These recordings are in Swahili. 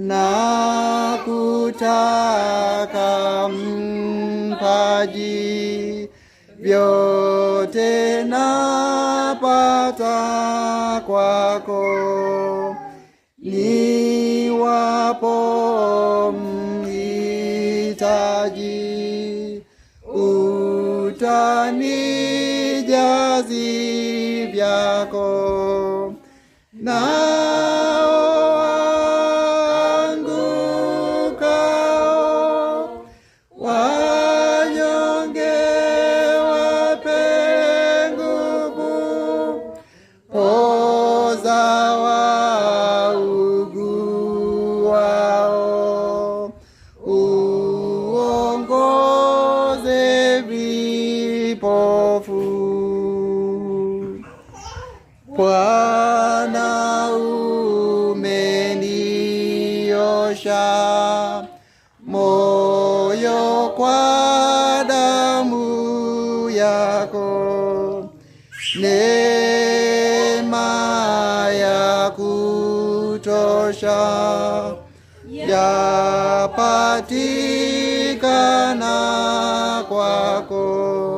na kutaka mpaji, vyote napata kwako, niwapo patikana kwako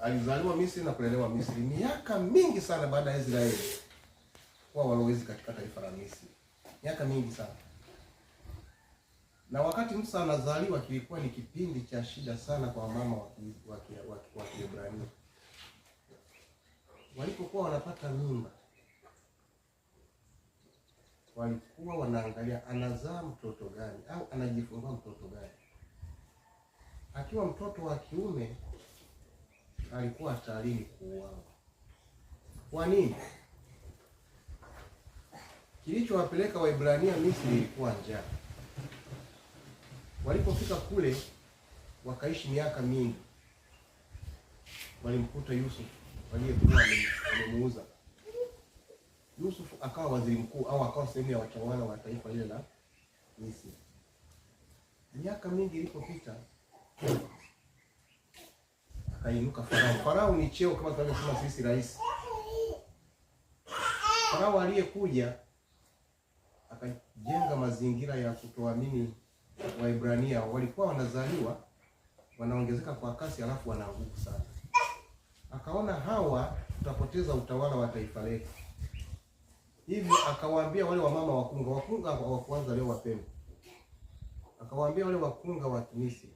alizaliwa Misri na kulelewa Misri miaka mingi sana baada ya Israeli kuwa walowezi katika taifa la Misri, miaka mingi sana. Na wakati Musa anazaliwa kilikuwa ni kipindi cha shida sana kwa mama wa Kiebrania. Walipokuwa wanapata mimba, walikuwa wanaangalia anazaa mtoto gani au anajifungua mtoto gani. Akiwa mtoto wa kiume alikuwa hatarini kuuawa. Kwa nini? Kilichowapeleka Waibrania Misri ilikuwa njaa. Walipofika kule wakaishi miaka mingi, walimkuta Yusuf waliyekuwa wamemuuza. Yusuf akawa waziri mkuu au akawa sehemu ya watawala wa taifa lile la Misri. Miaka mingi ilipopita akainuka Farao. Farao ni cheo kama tunavyosema sisi rais. Farao aliyekuja akajenga mazingira ya kutoamini Waibrania, walikuwa wanazaliwa wanaongezeka kwa kasi, halafu wanaanguka sana. Akaona hawa tutapoteza utawala wa taifa letu, hivyo akawaambia wale wamama wakunga, wakunga wa kwanza leo wapendwa, akawaambia wale wakunga wa Tunisia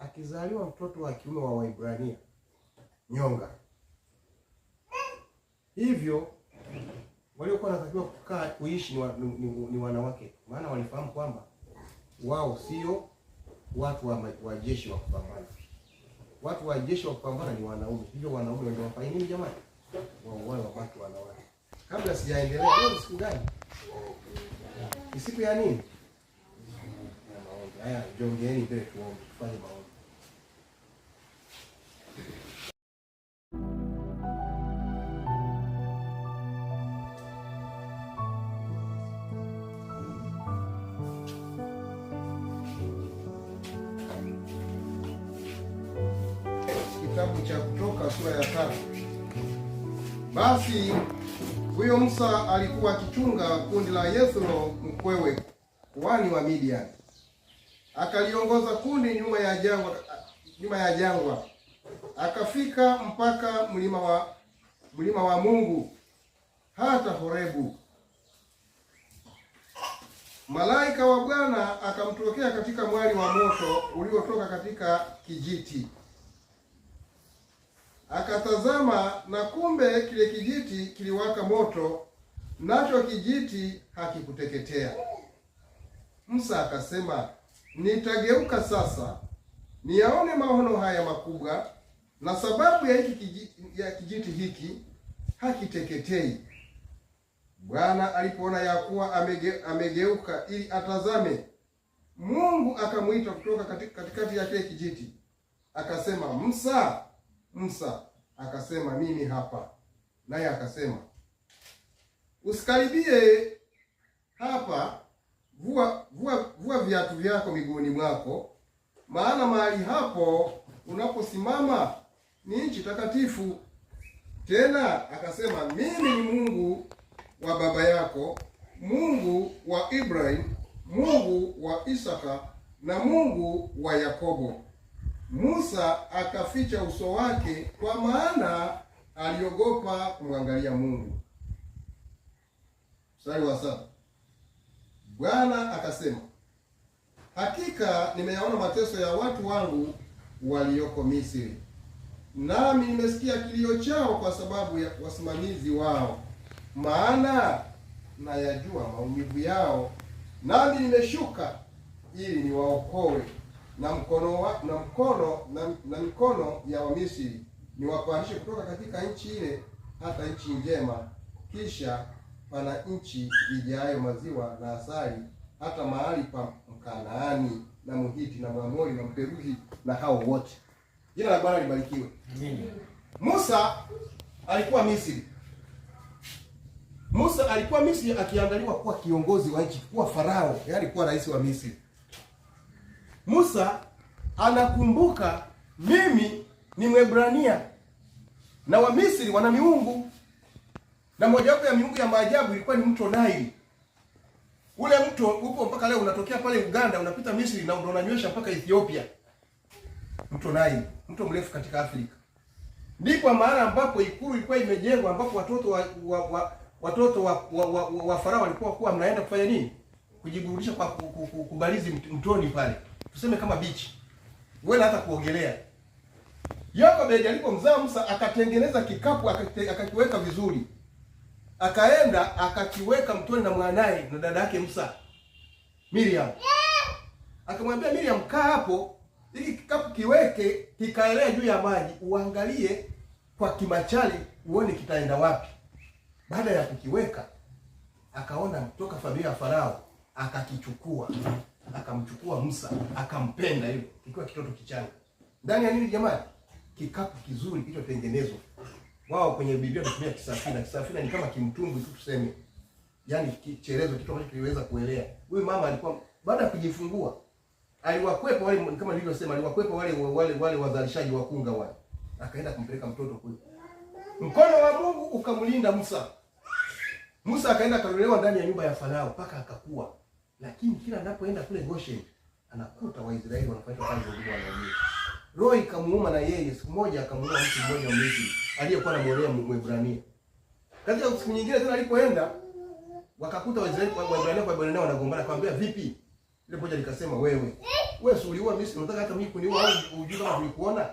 akizaliwa mtoto wa kiume wa Waibrania nyonga. Hivyo waliokuwa wanatakiwa kukaa kuishi ni, wa, ni, ni, ni wanawake, maana walifahamu kwamba wao sio watu wa, wa jeshi wa kupambana. Watu wa jeshi wa kupambana ni wanaume, hivyo wanaume ndio wafanye nini jamani? Wauawe wabaki wanawake. Kabla sijaendelea, leo siku gani? Ni siku ya nini? Haya, jongeeni mbele tuombe, tufanye maombi. alikuwa akichunga kundi la Yethro mkwewe kuhani wa Midian, akaliongoza kundi nyuma ya jangwa, nyuma ya jangwa akafika mpaka mlima wa mlima wa Mungu hata Horebu. Malaika wa Bwana akamtokea katika mwali wa moto uliotoka katika kijiti. Akatazama na kumbe kile kijiti kiliwaka moto nacho kijiti hakikuteketea. Musa akasema, nitageuka sasa niyaone maono haya makubwa, na sababu ya hiki kijiti, ya kijiti hiki hakiteketei. Bwana alipoona ya kuwa amege, amegeuka ili atazame, Mungu akamwita kutoka katikati ya kile kijiti, akasema, Musa, Musa. Akasema, mimi hapa. Naye akasema Usikaribie hapa, vua vua vua viatu vyako miguuni mwako, maana mahali hapo unaposimama ni nchi takatifu. Tena akasema, mimi ni Mungu wa baba yako, Mungu wa Ibrahim, Mungu wa Isaka na Mungu wa Yakobo. Musa akaficha uso wake, kwa maana aliogopa kumwangalia Mungu mstari wa saba Bwana akasema, hakika nimeyaona mateso ya watu wangu walioko Misri, nami nimesikia kilio chao kwa sababu ya wasimamizi wao, maana nayajua maumivu yao, nami nimeshuka ili niwaokoe na mkono wa, na mkono na, na mikono ya Wamisri, niwapandishe kutoka katika nchi ile hata nchi njema, kisha pana nchi ijayo maziwa na asali, hata mahali pa Mkanaani na Mhiti na Mwamori na Mperuzi na hao wote. Jina la Bwana libarikiwe. Musa alikuwa Misri. Musa alikuwa Misri akiandaliwa kuwa kiongozi wa nchi, kuwa farao, yaani kuwa rais wa Misri. Musa anakumbuka mimi ni Mwebrania na Wamisri wana miungu na mojawapo ya miungu ya maajabu ilikuwa ni mto Nile. Ule mto upo mpaka leo, unatokea pale Uganda unapita Misri na unanywesha mpaka Ethiopia. Mto Nile, mto mrefu katika Afrika. Ndipo mahala ambapo ikulu ilikuwa imejengwa, ambapo watoto wa, wa, wa watoto wa, wa, wa, wa wa Farao walikuwa kuwa mnaenda kufanya nini? Kujiburudisha kwa kubalizi mtoni pale, tuseme kama bichi, wala hata kuogelea. Yakobedi alipomzaa Musa akatengeneza kikapu akakiweka vizuri akaenda akakiweka mtoni na mwanaye na dada yake Musa, Miriam. Akamwambia Miriam, kaa hapo, hiki kikapu kiweke, kikaelea juu ya maji, uangalie kwa kimachali, uone kitaenda wapi. Baada ya kukiweka, akaona mtoka familia ya Farao, akakichukua akamchukua Musa, akampenda hivyo, kikiwa kitoto kichanga ndani ya nini, jamani, kikapu kizuri kilichotengenezwa wao kwenye Biblia tunatumia kisafina. Kisafina ni kama kimtumbwi tu tuseme, yani kichelezo, kitu ambacho kiliweza kuelea. Huyu mama alikuwa baada ya kujifungua aliwakwepa wale, kama nilivyosema, aliwakwepa wale wale wale wazalishaji wa kunga wale, akaenda kumpeleka mtoto kule. Mkono wa Mungu ukamlinda Musa. Musa akaenda akalelewa ndani ya nyumba ya Farao mpaka akakua, lakini kila anapoenda kule Goshen anakuta Waisraeli wanafanya kazi ngumu, wanaumia roho ikamuuma na yeye, siku moja akamuua mtu mmoja Mmisri aliyekuwa anamwonea Mwebrania. Katika siku nyingine tena alipoenda wakakuta Waisraeli kwa Waebrania kwa Waebrania wanagombana, akamwambia vipi? Ile moja likasema, wewe wewe si uliua mimi, unataka hata mimi kuniua au ujue kama tulikuona?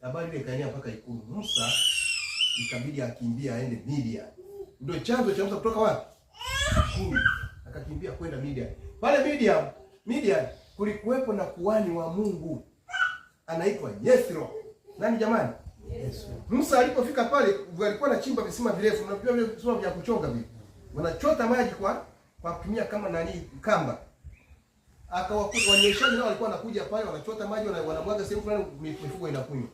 Habari ile ikaenea mpaka ikulu. Musa ikabidi akimbia aende Midia. Ndio chanzo cha Musa kutoka wapi? Kumi. Akakimbia kwenda Midia. Pale Midia, Midia kulikuwepo na kuhani wa Mungu anaitwa Yethro. Nani jamani? Yesu. Musa alipofika pale walikuwa na chimba visima virefu, mnajua vile visima vya kuchonga vile. Wanachota maji kwa kwa kutumia kama nani kamba. Akawakuta wanyeshaji nao walikuwa wanakuja pale wanachota maji wanamwaga sehemu fulani mifugo inakunywa.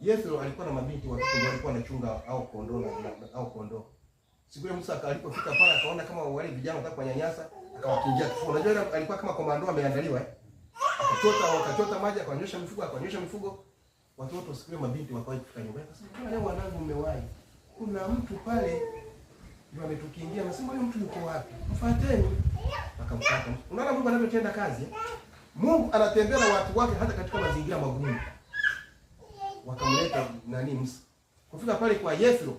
Yethro alikuwa na mabinti wa kondoo alikuwa anachunga au kondoo na au kondoo. Siku ile Musa alipofika pale akaona kama wale vijana wanataka kunyanyasa, akawakinjia kifua. Unajua alikuwa kama komando ameandaliwa eh? akachota akachota maji akanyosha mifugo akanyosha mifugo, watoto sikio mabinti wakawa kufika nyumbani, akasema leo wanangu, mmewahi kuna mtu pale ndio ametukiingia, anasema huyo mtu yuko wapi? Mfuateni. Akamfuata. Unaona Mungu anavyotenda kazi. Mungu anatembea na watu wake hata katika mazingira magumu. Wakamleta nani Musa. Kufika pale kwa Yethro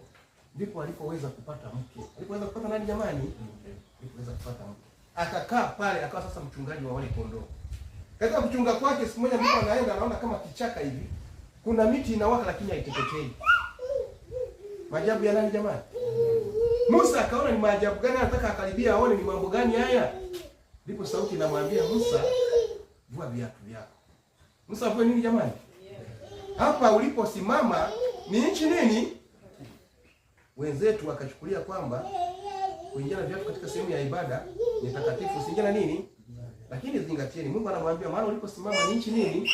ndipo alipoweza kupata mke. Alipoweza kupata nani jamani? Alipoweza kupata mke. Akakaa pale akawa sasa mchungaji wa wale kondoo. Katika kuchunga kwake, siku moja mtu anaenda anaona kama kichaka hivi, kuna miti inawaka lakini haiteketei. Maajabu ya nani jamani? Musa akaona ni maajabu gani, anataka akaribia aone ni mambo gani haya. Ndipo sauti inamwambia Musa, vua viatu vyako. Musa vua nini jamani? Hapa uliposimama ni nchi nini? Wenzetu wakachukulia kwamba kuingia na viatu katika sehemu ya ibada ni takatifu, usiingie na nini lakini zingatieni, Mungu anamwambia maana uliposimama ni nchi nini?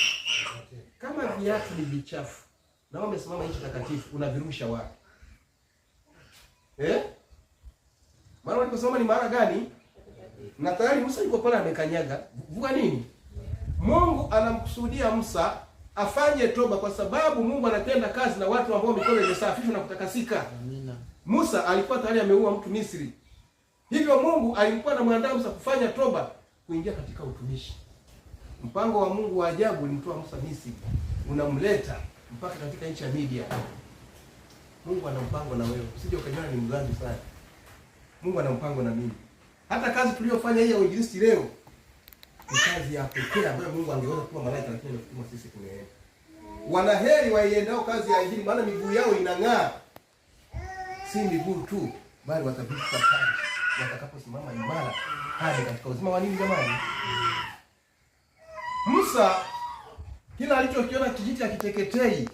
Kama viatu ni vichafu na wewe umesimama nchi takatifu, unavirusha wapi? Eh? Maana uliposimama ni mara gani? Na tayari Musa yuko pale amekanyaga. Vua nini? Mungu anamkusudia Musa afanye toba kwa sababu Mungu anatenda kazi na watu ambao mikono imesafishwa na kutakasika. Amina. Musa alikuwa tayari ameua mtu Misri. Hivyo Mungu alikuwa anamwandaa Musa kufanya toba kuingia katika utumishi. Mpango wa Mungu wa ajabu ulimtoa Musa Misri, unamleta mpaka katika nchi ya Midia. Mungu ana mpango na wewe, usije ukajiona ni mzambi sana. Mungu ana mpango na mimi. Hata kazi tuliyofanya hii ya uinjilisti leo ni kazi ya pekee ambayo Mungu angeweza kuwa malaika, lakini ametuma sisi tumeenda. Wanaheri waiendao kazi ya Injili, maana miguu yao inang'aa, si miguu tu, bali watapita kazi watakaposimama imara hadi katika uzima wa nini jamani? Musa kila alichokiona kijiti akiteketei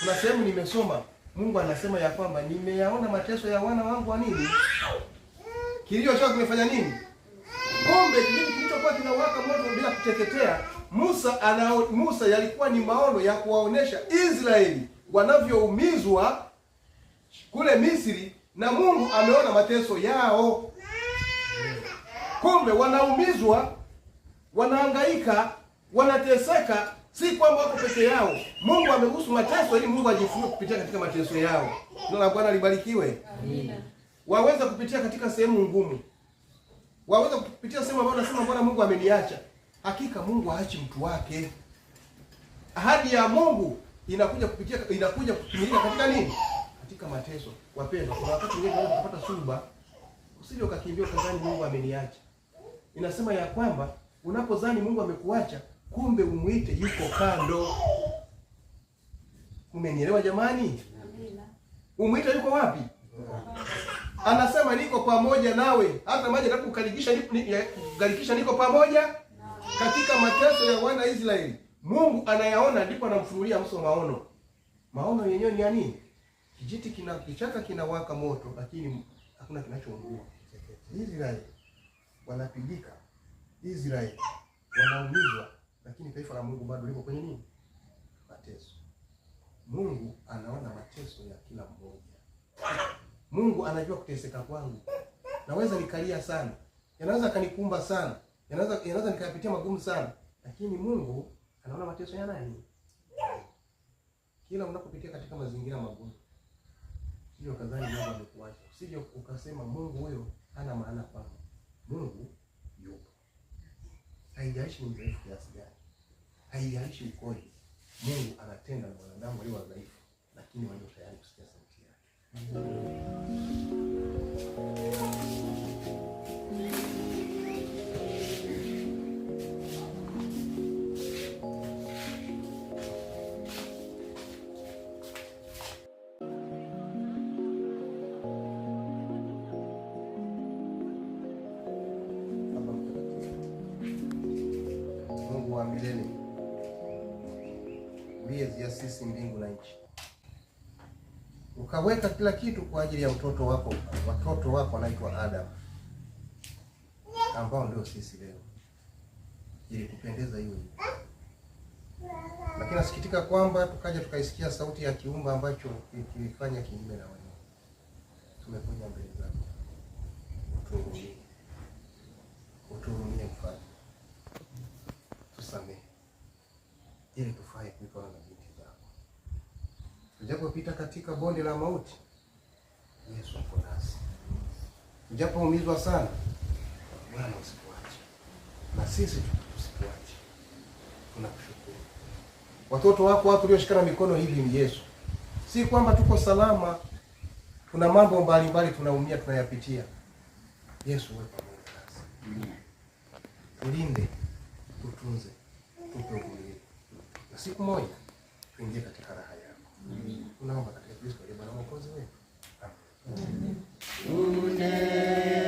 Kuna sehemu nimesoma Mungu anasema ya kwamba nimeyaona mateso ya wana wangu wa nini? Kilio chao kimefanya nini? Kombe kijiti kilichokuwa kinawaka moto bila kuteketea. Musa ana Musa yalikuwa ni maono ya kuwaonesha Israeli wanavyoumizwa kule Misri na Mungu ameona mateso yao. Kumbe wanaumizwa, wanahangaika, wanateseka, si kwamba wako peke yao. Mungu ameruhusu mateso ili Mungu ajifunue kupitia katika mateso yao. la Bwana libarikiwe, amina. Waweza kupitia katika sehemu ngumu, waweza kupitia sehemu ambayo nasema Bwana Mungu ameniacha. Hakika Mungu haachi mtu wake. Ahadi ya Mungu inakuja kupitia inakuja kutimilika katika nini? Katika mateso. Wapendwa, kuna wakati mwingine tunaweza kupata suba, usije ukakimbia ukadhani Mungu ameniacha inasema ya kwamba unapozani Mungu amekuacha, kumbe umwite, yuko kando. Umenielewa jamani? Umwite, yuko wapi? Anasema niko pamoja nawe hata maji kugarikisha, niko pamoja katika mateso ya wana Israeli. Mungu anayaona, ndipo anamfunulia mso maono. Maono yenyewe ni nini? Kijiti kina kichaka kinawaka moto, lakini hakuna kinachoungua. Israeli wanapigika, Israeli wanaumizwa, lakini taifa la Mungu bado liko kwenye nini? Mateso. Mungu anaona mateso ya kila mmoja. Mungu anajua kuteseka kwangu, naweza nikalia sana, yanaweza kanikumba sana, yanaweza yanaweza nikayapitia magumu sana, lakini Mungu anaona mateso ya nani? Kila unapopitia katika mazingira magumu, hiyo kadhani Mungu amekuacha, usije ukasema Mungu huyo hana maana kwangu. Mungu yupo. Haijalishi ni mdhaifu kiasi gani, haijalishi ukoje, Mungu anatenda na wanadamu walio wadhaifu, lakini walio tayari kusikia sauti yake. ukaweka kila kitu kwa ajili ya utoto wako, watoto wako wanaitwa Adam, ambao ndio sisi leo, ili kupendeza hiyo. Lakini nasikitika kwamba tukaja tukaisikia sauti ya kiumba ambacho kilifanya kinyume na wewe. Tumekuja mbele zako, utuhurumie, utuhurumie Mfalme, tusamehe ili tufae Tujapopita katika bonde la mauti, Yesu yuko nasi. Tujapoumizwa sana, Bwana usikuache, na sisi usituache. Tunakushukuru. Watoto wako watu tulioshikana mikono hivi ni Yesu. Si kwamba tuko salama, kuna mambo mbalimbali tunaumia, tunayapitia. Yesu wewe pamoja nasi, tulinde, tutunze, tupe uvumilivu, na siku moja tuingie katika raha yako. Unaomba katika Kristo, Bwana Mwokozi wetu. Amen.